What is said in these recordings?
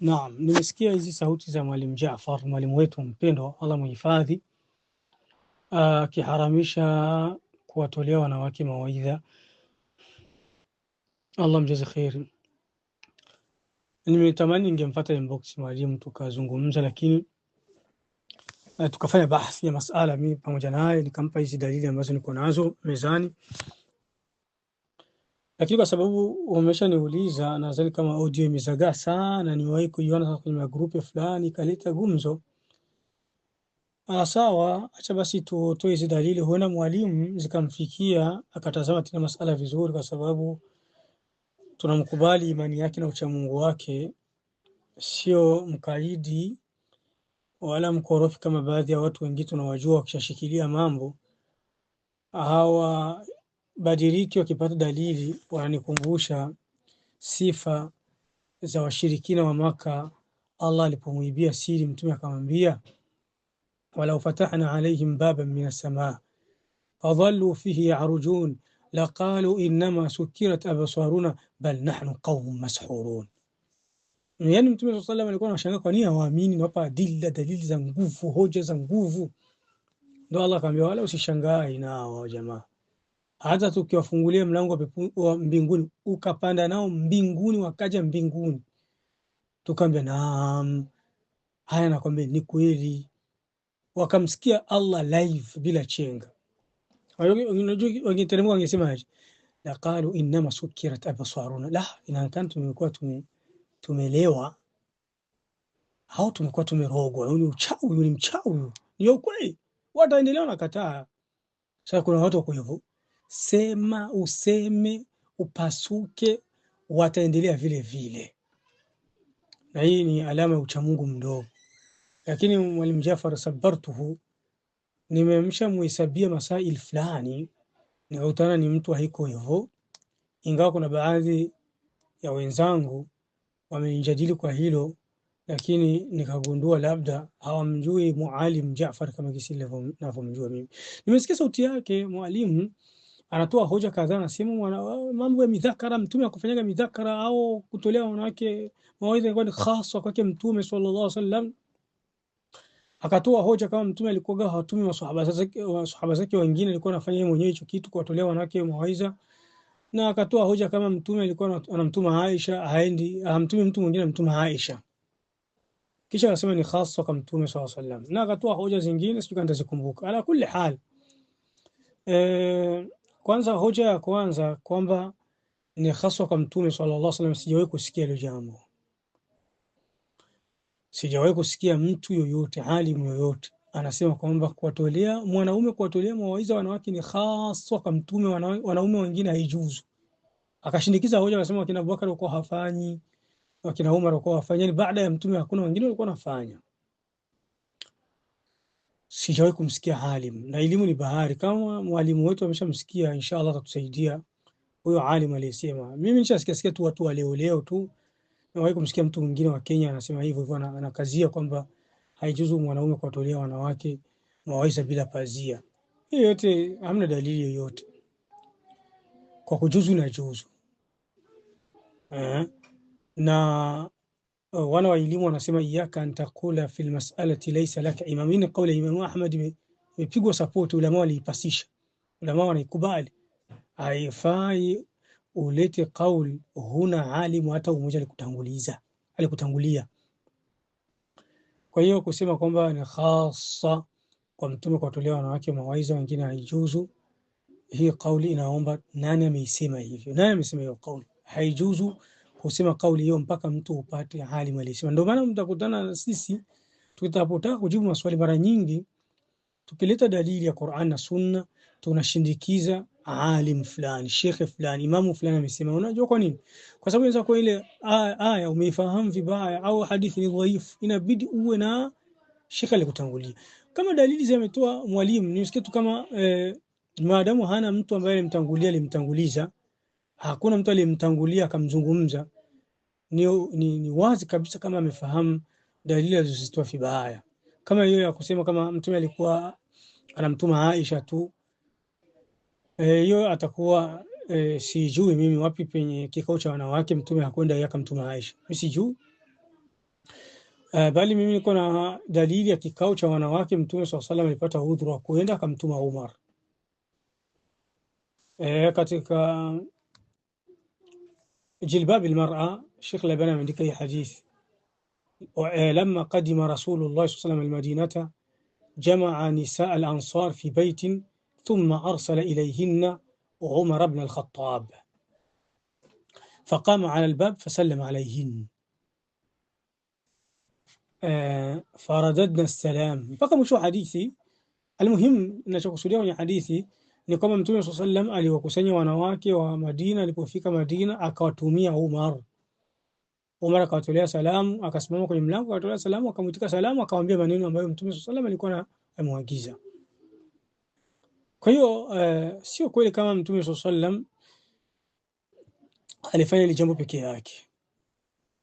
Naam, nimesikia hizi sauti za Mwalimu Jaafar, mwalimu wetu mpendwa, Allah muhifadhi, ah, akiharamisha kuwatolea wanawake mawaidha. Allah mjaze kheri. Nimetamani ningempata inbox mwalimu tukazungumza, lakini ah, tukafanya bahthi ya masala, mimi pamoja naye nikampa hizi dalili ambazo niko nazo mezani. Lakini kwa sababu umeshaniuliza, nadhani kama audio imezagaa sana, niwahi kuiona kwenye magrupu fulani ikaleta gumzo. Ah, sawa, acha basi tutoe hizi dalili, huenda mwalimu zikamfikia akatazama tena masala vizuri, kwa sababu tunamkubali imani yake na uchamungu wake, sio mkaidi wala mkorofi kama baadhi ya watu wengine tunawajua wakishashikilia mambo hawa Badiriki wakipata dalili wananikumbusha sifa za washirikina wa Maka, Allah alipomwibia siri Mtume akamwambia, walau fatahna alaihim baban min assamaa fadhaluu fihi yarujun laqalu innama sukirat absaruna bal nahnu qaumun mashurun. Yani Mtume saa salam alikuwa anashangaa kwa nini hawaamini, nawapa adilla, dalili za nguvu, hoja za nguvu. Ndo Allah akamwambia, wala usishangae nao jamaa hata tukiwafungulia mlango wa mbinguni ukapanda nao mbinguni, wakaja mbinguni, tukaambia naam, haya, nakwambia ni kweli. Wakamsikia Allah live bila chenga. Wangeteremka wangesemaje? Laqalu innama sukirat absaruna, la, inaonekana tumekuwa tumelewa au tumekuwa tumerogwa. Ni uchawi, ni mchawi, ni ukweli. Wataendelea na kataa. Sasa kuna watu wako hivyo sema, useme, upasuke, wataendelea vile vile, na hii ni alama ya uchamungu mdogo. Lakini mwalimu Jafar sabartuhu, nimemsha muhesabia masail fulani, nikakutana ni mtu haiko hivyo, ingawa kuna baadhi ya wenzangu wamenijadili kwa hilo, lakini nikagundua labda hawamjui mualimu Jafar kama kisi navyomjua mimi. Nimesikia sauti yake mwalimu anatoa hoja kadhaa na simu mambo ya midhakara. Mtume akufanyaga midhakara au kutolea wanawake mawaidha kwa khaswa kwake Mtume sallallahu alaihi wasallam, akatoa hoja kama Mtume alikuwa hatumi maswahaba zake, maswahaba zake wengine alikuwa anafanya yeye mwenyewe hicho kitu, kuwatolea wanawake mawaidha, na akatoa hoja kama Mtume alikuwa anamtuma Aisha, haendi hamtumi mtu mwingine, amtuma Aisha, kisha akasema ni khaswa kwa Mtume sallallahu alaihi wasallam, na akatoa hoja zingine sio, nitazikumbuka ala kulli hal eh kwanza hoja ya kwanza kwamba ni haswa kwa Mtume sallallahu alaihi wasallam, sijawahi kusikia hilo jambo, sijawahi kusikia mtu yoyote, alimu yoyote anasema kwamba kuwatolea mwanaume kuwatolea mawaidha wanawake ni haswa kwa Mtume, wanaume wengine haijuzu. Akashindikiza hoja, anasema wakina Abubakar walikuwa hafanyi, wakina Umar walikuwa hafanyi, baada ya Mtume hakuna wengine walikuwa wanafanya sijawahi kumsikia alim, na elimu ni bahari. Kama mwalimu wetu ameshamsikia, inshallah atatusaidia huyo alim aliyesema. Mimi sikia tu watu waleoleo tu, nawahi kumsikia mtu mwingine wa Kenya anasema hivyo hivyo, anakazia kwamba haijuzu mwanaume kuwatolea wanawake mawaisa bila pazia. Hiyo yote hamna dalili yoyote kwa kujuzu na juzu eh, na Uh, wana wa elimu wanasema iyaka antakula taqula fi lmasalati laisa laka imam. Hii ni kauli ya Imamu Ahmad imepigwa sapoti, ulama waliipasisha, ulama wanaikubali. Haifai ulete kauli huna alimu hata umoja alikutanguliza alikutangulia. Kwa hiyo kusema kwamba ni khasa kwa mtume kuwatolea wanawake mawaidha wengine haijuzu. Hii kauli inaomba nani ameisema hivyo? Nani amesema hiyo kauli? Haijuzu kusema kauli hiyo mpaka mtu upate hali halisi. Ndio maana mtakutana na sisi tutapotaka kujibu maswali, mara nyingi tukileta dalili ya Qur'an na Sunna tunashindikiza alim fulani, shekhe fulani, imamu fulani amesema. Unajua kwa nini? Kwa sababu inaweza kuwa ile aya umeifahamu vibaya au hadithi ni dhaifu, inabidi uwe na shekhe alikutangulia kama dalili zimetoa mwalimu. Nisikie tu kama eh, maadamu hana mtu ambaye alimtangulia alimtanguliza, hakuna mtu alimtangulia akamzungumza ni, ni, ni wazi kabisa kama amefahamu dalili alizozitoa vibaya, kama hiyo ya kusema kama mtume alikuwa anamtuma Aisha tu e, hiyo e, atakuwa e, sijui mimi wapi penye kikao cha wanawake mtume hakwenda yeye akamtuma Aisha, mimi sijui e, bali mimi niko na dalili ya kikao cha wanawake mtume swalla alayhi wasallam alipata udhuru wa kuenda akamtuma Umar e, katika jilbabil almar'a الشيخ لبنى من ذكر حديث لما قدم رسول الله صلى الله عليه وسلم المدينة جمع نساء الأنصار في بيت ثم أرسل إليهن عمر بن الخطاب فقام على الباب فسلم عليهن آه، فرددنا السلام بقى شو حديثي المهم ninachokusudia kwenye يعني حديثي ni kwamba mtume saa salam aliwakusanya wanawake wa Madina. Alipofika Madina, akawatumia Umar Umar akawatolea salamu, akasimama kwenye mlango akatolea salamu, akamwitika salamu, akamwambia maneno ambayo Mtume sallallahu alaihi wasallam alikuwa na amemwagiza. Kwa hiyo uh, sio kweli kama Mtume sallallahu alaihi wasallam alifanya ile jambo pekee yake,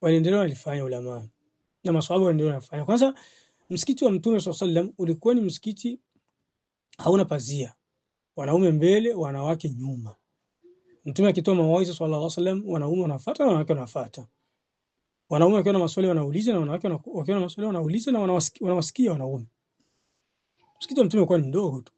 waliendelea walifanya ulama na maswahaba waliendelea wanafanya. Kwanza msikiti wa Mtume sallallahu alaihi wasallam ulikuwa ni msikiti hauna pazia, wanaume mbele, wanawake nyuma. Mtume akitoa mawaidha sallallahu alaihi wasallam, wanaume wanafuata na wanawake wanafuata wanaume wakiwa na maswali wanauliza na wanawake wakiwa na maswali wanauliza na wanawasikia wanaume. Msikiti wa Mtume ulikuwa ni mdogo tu,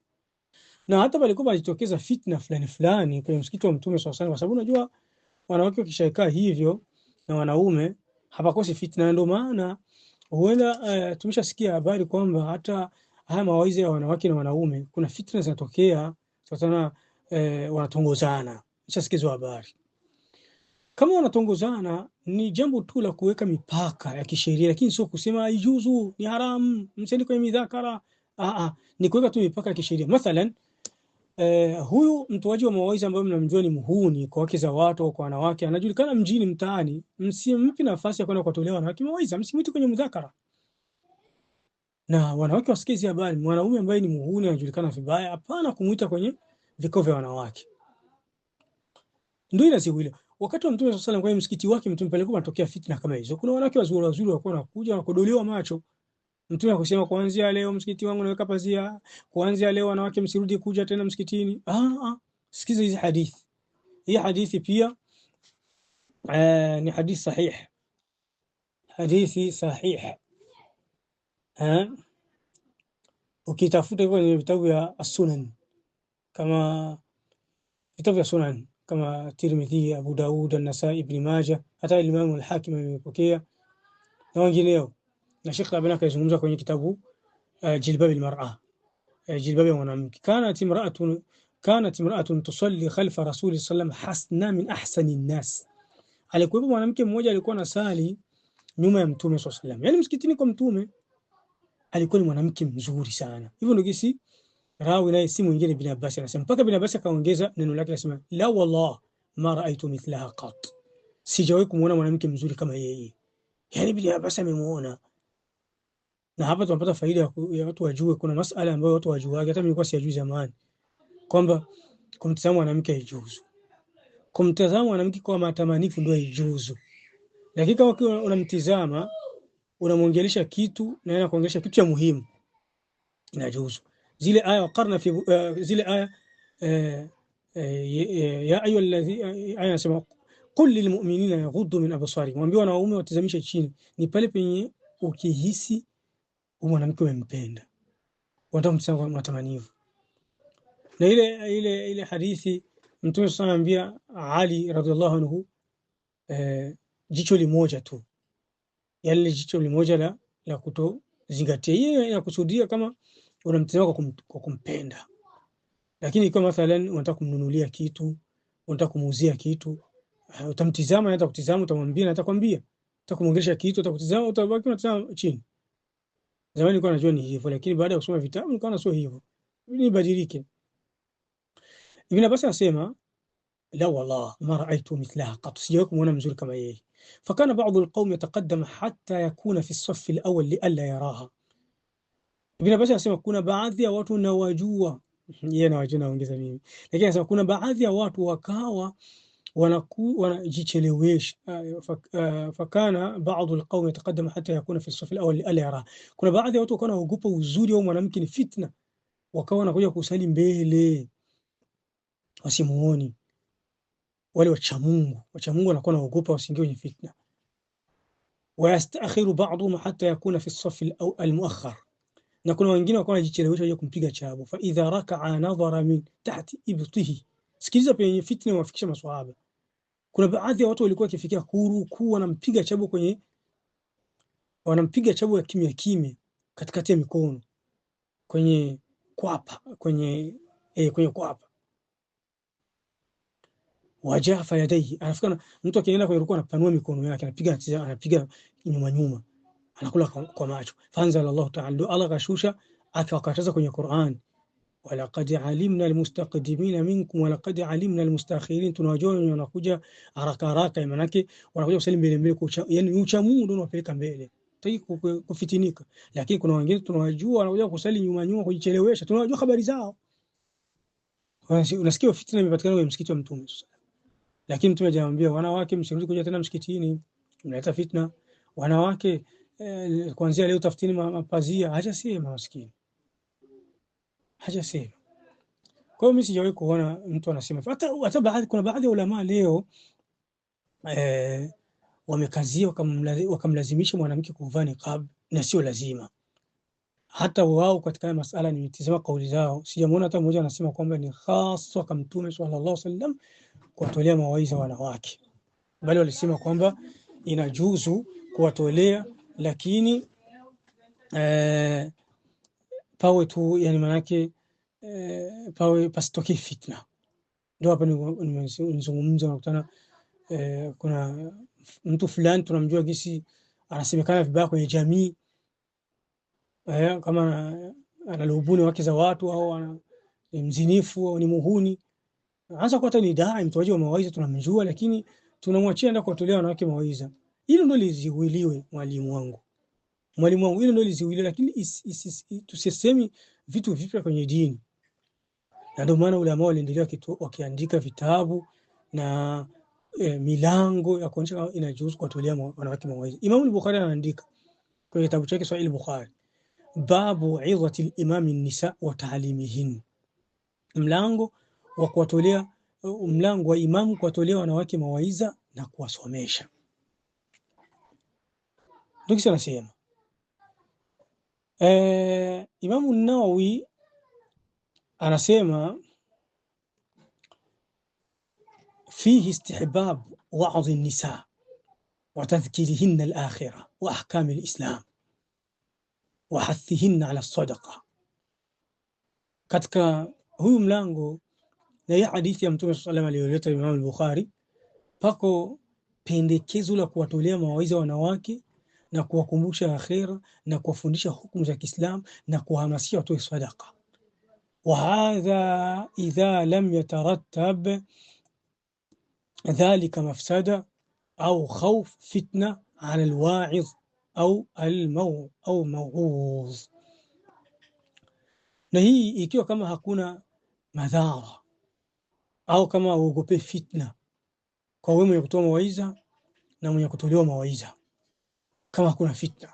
na hata palikuwa palijitokeza fitna fulani fulani kwenye msikiti wa Mtume swalla Allahu alayhi wasallam, kwa sababu unajua wanawake wakishakaa hivyo na wanaume hapakosi fitna. Ndio maana huenda uh, tumeshasikia habari kwamba hata haya mawaidha ya wanawake na wanaume kuna fitna zinatokea sasa, uh, wanatongozana. Tumeshasikizwa habari kama wanatongozana ni jambo tu la kuweka mipaka ya kisheria, lakini sio kusema haijuzu, ni haramu, mseni kwenye midhakara. Ah, ah, ni kuweka tu mipaka ya kisheria. Mathalan, eh, huyu mtoaji wa mawaidha ambaye mnamjua ni muhuni kwa wake za watu au kwa wanawake, anajulikana mjini, mtaani, msimpi nafasi ya kwenda kuwatolea wanawake mawaidha, msimwiti kwenye mdhakara na wanawake wasikizi habari. Mwanaume ambaye ni muhuni anajulikana vibaya, hapana kumuita kwenye vikao vya wanawake. Ndio inaziwila Wakati wa Mtume sallallahu alaihi wasallam kwenye msikiti wake, Mtume pale kulikuwa kunatokea fitna kama hizo. Kuna wanawake wazuri wazuri walikuwa wanakuja kudoliwa macho. Mtume akasema kuanzia leo msikiti wangu naweka pazia, kuanzia leo wanawake msirudi kuja tena msikitini. Ah ah, sikiza hizi hadithi. Hii hadithi pia eh, ni hadithi sahihi. Hadithi sahihi. Eh? Ukitafuta hivyo kwenye vitabu vya sunan kama vitabu vya Sunan kama Tirmidhi, Abu Daud, An-Nasai, Ibn Majah, hata Imam al-Hakim amepokea na wengineo, na Sheikh Albani kaizungumza kwenye kitabu eh, Jilbab al-Mar'a, uh, eh, jilbab ya mwanamke. Kanat imra'atun kanat imra'atun tusalli khalfa rasuli sallam hasna min ahsani nnas, alikuwa mwanamke mmoja alikuwa anasali nyuma ya mtume sallallahu alayhi wasallam, yani msikitini kwa mtume, alikuwa ni mwanamke mzuri sana. Hivyo ndio kisi rawi naye si mwingine bin Abbas anasema mpaka bin Abbas akaongeza neno lake anasema la wallah ma raaitu mithlaha qat, sijawahi kumuona mwanamke mzuri kama yeye. Yani bin Abbas amemuona, na hapa tunapata faida ya ya watu wajue, kuna masuala ambayo watu wajua, hata mimi nilikuwa sijui zamani kwamba kumtazama mwanamke haijuzu, kumtazama mwanamke kwa matamanifu ndio haijuzu, lakini kama unamtizama unamwongelesha kitu na yeye anakuongelesha kitu cha muhimu, inajuzu zile aya waqarna fi uh, zile aya eh, eh, ya ayu alladhi aya nasema qul lilmu'minina yaghuddu min absarihim, waambiwa na waume chini. Ni pale penye ukihisi mwanamke umempenda, matamanivu na ile ile ile hadithi Mtume sana anambia Ali radhiallahu anhu eh, jicho limoja tu, yale yaani jicho limoja la la kutozingatia. Hiyo inakusudia kama unamtizama kwa, kum, kwa kumpenda. Lakini ikiwa mathalan unataka kumnunulia kitu, unataka kumuuzia kitu, utamtizama, hata kutizama, utamwambia, hata kwambia, utakumwongelesha kitu, utakutizama, utabaki unatizama chini. Zamani nilikuwa najua ni hivyo, lakini baada ya kusoma vitabu nikaona sio hivyo, nibadilike. Ibn Abbas anasema la wallah ma raaitu mithlaha qat, sijawahi kumwona mzuri kama yeye. Fakana badu lqaumi yataqadam hata yakuna fi safi lawal alla yaraha Ibn Abbas anasema kuna baadhi ya watu nawajua, yeye nawajua naongeza mimi, lakini anasema kuna baadhi ya watu wakawa wanajichelewesha ah, fakana ah, baadhi alqaumi yataqaddam hata yakuna fi safi alawwal alayara, kuna baadhi ya watu wakawa wanaogopa uzuri au mwanamke ni fitna, wakawa wanakuja kusali mbele wasimuoni. Wale wachamungu wachamungu wanakuwa wanaogopa wasiingie kwenye fitna. Wayastaakhiru ba'dhum hata yakuna fi safi almuakhkhar na kuna wengine wakawa wanajichelewesha waje kumpiga chabu. Fa idha rakaa nadhara min tahti ibtihi, sikiliza penye fitna wafikisha maswahaba. Kuna baadhi ya watu walikuwa wakifikia huru kuu wanampiga chabu kwenye wanampiga chabu ya kimya kimya katikati ya mikono kwenye kwapa kwenye eh, kwenye kwapa wajafa yadai, anafikana mtu akienda kwenye ruku anapanua mikono yake anapiga anapiga nyuma nyuma anakula kwa, kwa macho. Fanzala Allah taala, Allah kashusha akawakataza kwenye Qur'an, walaqad alimna almustaqdimina minkum walaqad alimna almustakhirin, tunawajua wenye wanakuja haraka haraka, maana wanakuja kusali mbele mbele, yani ucha Mungu ndio unapeleka mbele kufitinika. Lakini kuna wengine tunawajua wanakuja kusali nyuma nyuma, kujichelewesha, tunawajua habari zao. Unasikia fitina imepatikana kwenye msikiti wa Mtume, sasa, lakini Mtume ajaambia wanawake, msirudi kuja tena msikitini, mnaleta fitna. Wanawake eh, kuanzia leo tafutini mapazia. Hajasema maskini, hajasema. Kwa hiyo mimi sijawahi kuona mtu anasema hata, hata baadhi, kuna baadhi ya ulama leo eh, wamekazia wakamlazimisha mwanamke kuvaa niqab na sio lazima. Hata wao katika masala nimetizama kauli zao, sijamwona hata mmoja anasema kwamba ni hasa kwa Mtume sallallahu alaihi wasallam kuwatolea mawaidha wanawake, bali walisema kwamba inajuzu kuwatolea lakini eh, pawe tu yani manake eh, pawe pasitoke fitna. Ndio hapa nimezungumza, nakutana eh, kuna mtu fulani tunamjua gisi anasemekana vibaya kwenye jamii eh, kama lubuni wake za watu au ni mzinifu au ni muhuni, anza kuata ni dai mtoaji wa mawaidha tunamjua, lakini tunamwachia enda kuwatolea wanawake mawaidha hilo ndio liziwiliwe, mwalimu wangu, mwalimu wangu, hilo ndio liziwiliwe, lakini tusisemi vitu vipya kwenye dini. Na ndio maana ulama waliendelea wakiandika vitabu na e, milango ya kuonyesha kama inajuzu kuwatolea wanawake mawaidha. Imamu Bukhari anaandika kwenye kitabu chake Sahih Bukhari, babu idhati limami nisa wa taalimihin, mlango wa kuwatolea, mlango wa imamu kuwatolea wanawake mawaidha na kuwasomesha ndio anasema e, eh, Imamu Nawawi anasema fihi istihbab wa'dhi nisa wa tadhkirihinna al-akhirah wa ahkam al-islam wa hathihinna ala sadaqa. Katika huyu mlango na hii hadithi ya Mtume sallallahu alayhi wasallam aliyoleta Imam al-Bukhari, pako pendekezo la kuwatolea mawaidha wanawake na kuwakumbusha akhira na kuwafundisha hukumu za Kiislamu na kuhamasisha watoe sadaka. Wa hadha idha lam yatarattab dhalika mafsada au khawf fitna ala alwa'iz au almaw au mawuz. Na hii ikiwa kama hakuna madhara au kama uogope fitna kwa wewe mwenye kutoa mawaidha na mwenye kutolewa mawaidha kama kuna fitna.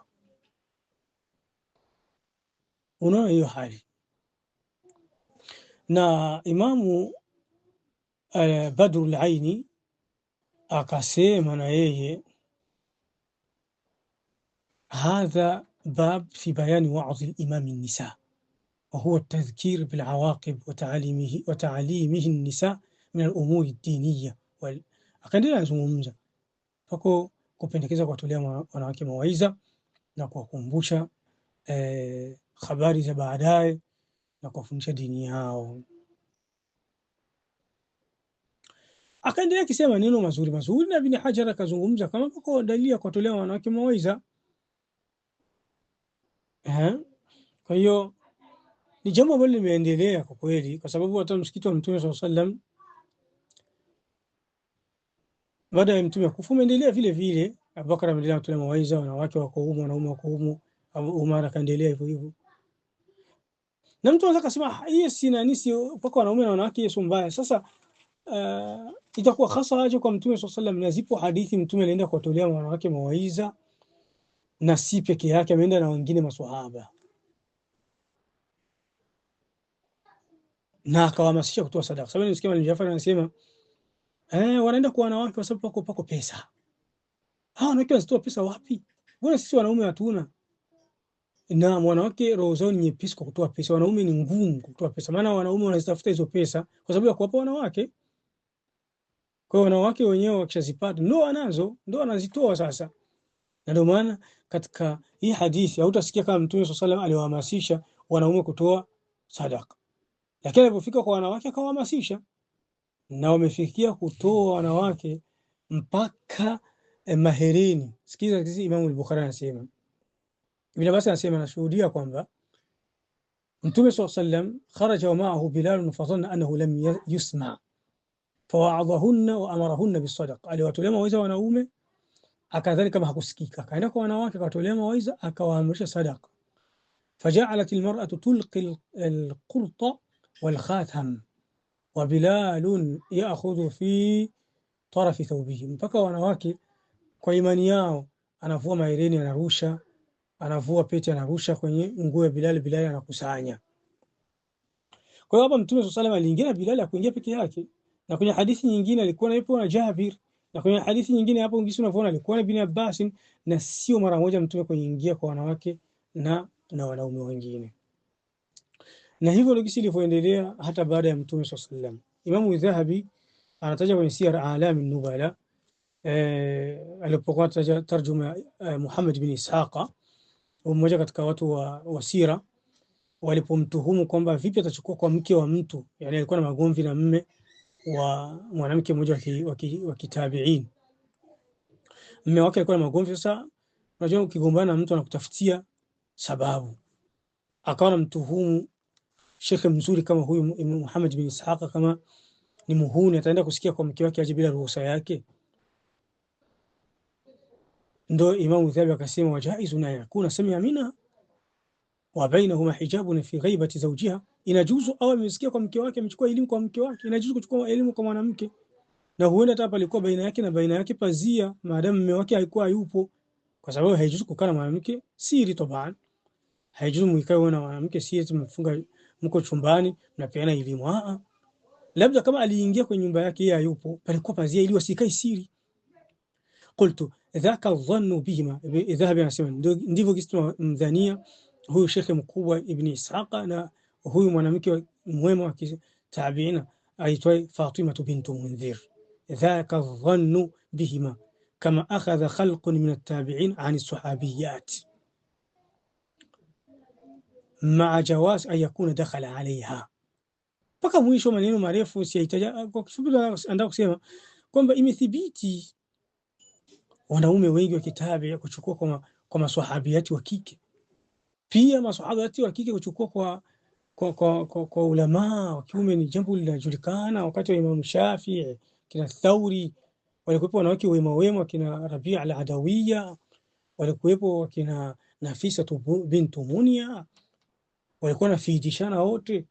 Unaona hiyo hali na Imamu uh, Badrul Aini akasema na yeye, hadha bab fi bayani wa'dhi al-imami an-nisa wa huwa at-tadhkir bil awaqib wa ta'alimihi wa ta'alimihi an-nisa min al-umuri ad-diniyya wal. Akaendelea kuzungumza fako kupendekeza kuwatolea wanawake mawaidha na kuwakumbusha eh, habari za baadaye na kuwafundisha dini yao. Akaendelea akisema neno mazuri mazuri, na Ibn Hajar akazungumza kama kwa dalili ya kuwatolea wanawake mawaidha. Kwa hiyo ni jambo ambalo limeendelea kwa kweli, kwa sababu hata msikiti wa Mtume sallallahu alaihi wasallam baada ya mtume kufa umeendelea vile vile. Abubakar ameendelea kutoa mawaidha, wanawake wako humo, wanaume wako humo. Umar akaendelea hivyo hivyo, na mtu anaweza kusema ah, hii si nani, si kwa wanaume na wanawake, sio mbaya. Sasa uh, itakuwa hasa aje kwa mtume sallallahu alaihi wasallam, na zipo hadithi mtume alienda kuwatolea wanawake mawaidha, na si peke yake, ameenda na wengine maswahaba na akawahamasisha kutoa sadaka, sababu nimesikia Mwalimu Jafar anasema Eh, wanaenda kwa wanawake kwa sababu wako pako pesa. Hao ah, wanawake wanatoa pesa wapi? Mbona sisi wanaume hatuna? Na wanawake roho zao ni nyepesi kwa kutoa pesa, wanaume ni ngumu kutoa pesa. Maana wanaume wanazitafuta hizo pesa kwa sababu ya kuwapa wanawake. Kwa hiyo wanawake wenyewe wakishazipata ndo anazo, ndo anazitoa sasa. Na ndio maana katika hii hadithi hautasikia kama Mtume swalla wasallam aliwahamasisha wanaume kutoa sadaka, lakini alipofika kwa wanawake akawahamasisha na wamefikia kutoa wanawake mpaka eh, maherini. Sikiza kisi Imamu bukhari anasema, Ibn Abbas anasema, anashuhudia kwamba Mtume swalla sallam kharaja wa maahu Bilal fadhanna annahu lam yusma fawaadhahunna wa amarahunna bisadaqa, aliwatolea mawaidha wanaume akadhalika kama hakusikika, akaenda kwa wanawake akawatolea mawaidha akawaamrisha sadaqa. Fajaalat almar'atu tulqi alqurta walkhatam wa bilalun yaakhudhu fi tarafi thawbihi, mpaka wanawake kwa imani yao anavua mahereni anarusha, anavua pete anarusha kwenye nguo ya Bilal, Bilal anakusanya. Kwa hiyo hapa Mtume swalla Allahu alayhi wasallam aliingia Bilal akuingia peke yake, na kwenye hadithi nyingine alikuwa yupo na Jabir, na kwenye hadithi nyingine hapo ngisi unavyoona alikuwa na bin Abbas, na sio mara moja Mtume kuingia kwa wanawake na na wanaume wengine na hivyo ndio kisi ilivyoendelea hata baada ya Mtume swalla alayhi wasallam. Imamu Dhahabi anataja kwenye Siyar an Nubala eh, alipokuwa anataja tarjuma eh, Muhammad bin Ishaqa, mmoja katika watu wa, wa sira walipomtuhumu kwamba vipi atachukua kwa mke wa mtu, yani alikuwa na magomvi na mme wa mwanamke mmoja wa kitabiin. Mme wake alikuwa na magomvi. Sasa unajua ukigombana na mtu anakutafutia sababu, akawa na mtuhumu shekhe mzuri kama huyu Muhammad bin Ishaq kama ni muhuni, ataenda kusikia kwa mke wake aje bila ruhusa yake? Ndo Imamu Dhahabi akasema na yakuna samia mina wa bainahuma hijabun fi ghaibati zawjiha, inajuzu au amesikia kwa mke wake, amechukua elimu kwa mke wake, inajuzu kuchukua elimu kwa mwanamke, na huenda hata palikuwa baina yake na baina yake pazia, maadamu mume wake alikuwa yupo, kwa sababu haijuzu kukana mwanamke siri. Tabaan haijuzu mwikae na mwanamke siri, tumefunga mko chumbani mnapeana elimu. Ah, ah, labda kama aliingia kwenye nyumba yake yeye hayupo, palikuwa pazia ili wasikae siri. Qultu dhaka dhannu bihima, Dhahabi anasema ndivyo kitu mdhania huyu shekhe mkubwa Ibn Ishaqa na huyu mwanamke mwema wa tabiina aitwaye Fatima bintu Mundhir. Dhaka dhannu bihima kama akhadha khalqun min at-tabi'in an as-sahabiyat maa jawaz an yakuna dakhala alaiha, mpaka mwisho. Maneno marefu kwa kifupi, anataka kusema kwamba imethibiti wanaume wengi wa kitabi kuchukua kwa, kwa maswahabiati wa kike, pia maswahabiati wa kike kuchukua kwa kwa, kwa, kwa, kwa ulamaa wa kiume ni jambo linajulikana. Wakati wa Imamu Shafii kina Thauri walikuwepo wanawake wema wema, kina Rabia al Adawiya walikuwepo, wakina Nafisa bintu Munia walikuwa nafiitishana wote,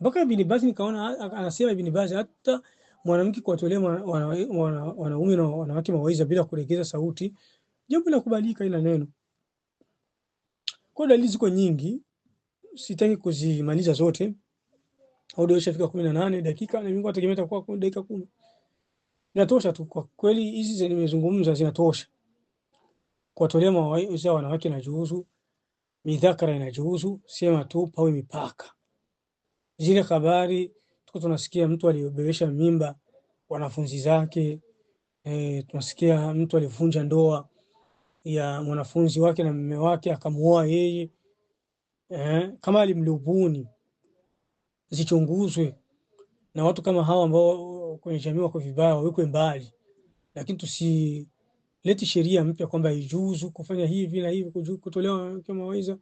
mpaka Ibn Baz nikaona anasema Ibn Baz hata mwanamke kuwatolea wanaume na wanawake mawaidha bila kulegeza sauti, jambo la kubalika ila neno. Kwa dalili ziko nyingi, sitaki kuzimaliza zote. Audio ishafika kumi na dakika na mimi nategemea itakuwa dakika kumi. Inatosha tu kwa kweli, hizi nimezungumza zinatosha kuwatolea mawaidha wanawake na juhusu midhakara inajuzu, sema tu pawe mipaka. Zile habari tuko tunasikia, mtu aliyobebesha mimba wanafunzi zake e, tunasikia mtu alivunja ndoa ya mwanafunzi wake na mume wake akamuoa yeye e, kama alimlubuni zichunguzwe, na watu kama hawa ambao kwenye jamii wako vibaya wawekwe mbali, lakini tusi leti sheria mpya kwamba ijuzu kufanya hivi na hivi, kutolewa mawaidha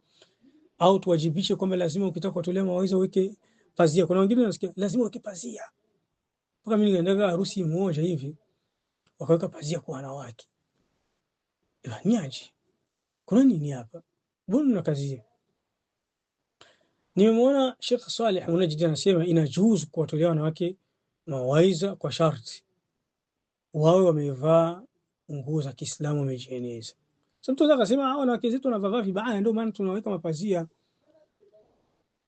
au tuwajibishe kwamba lazima ukitaka kutolea mawaidha uweke pazia. Kuna wengine nasikia lazima uweke pazia, mpaka mimi nilienda harusi moja hivi wakaweka pazia kwa wanawake. Nyaji, kuna nini hapa? Mbona kazi hii? nimemwona Sheikh Saleh Munajid anasema inajuzu kuwatolea wanawake mawaidha kwa sharti wawe wamevaa nguo za Kiislamu amejieneza. Sasa mtu anaweza kusema ah, wanawake zetu wanavaa vibaya, ndio maana tunaweka mapazia.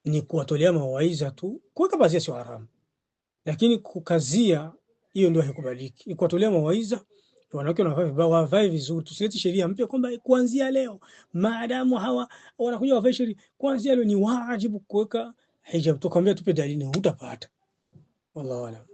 Ni kuwatolea mawaidha tu. Kuweka pazia sio haramu, lakini kukazia, hiyo ndio haikubaliki. Ni Kuwatolea mawaidha wanawake wanavaa vibaya, wavae vizuri. Tusilete sheria mpya kwamba kuanzia leo maadamu hawa wanakuja wavae sheria, kuanzia leo ni wajibu kuweka hijab. Tukwambia tupe dalili, hutapata. Wallahu alam.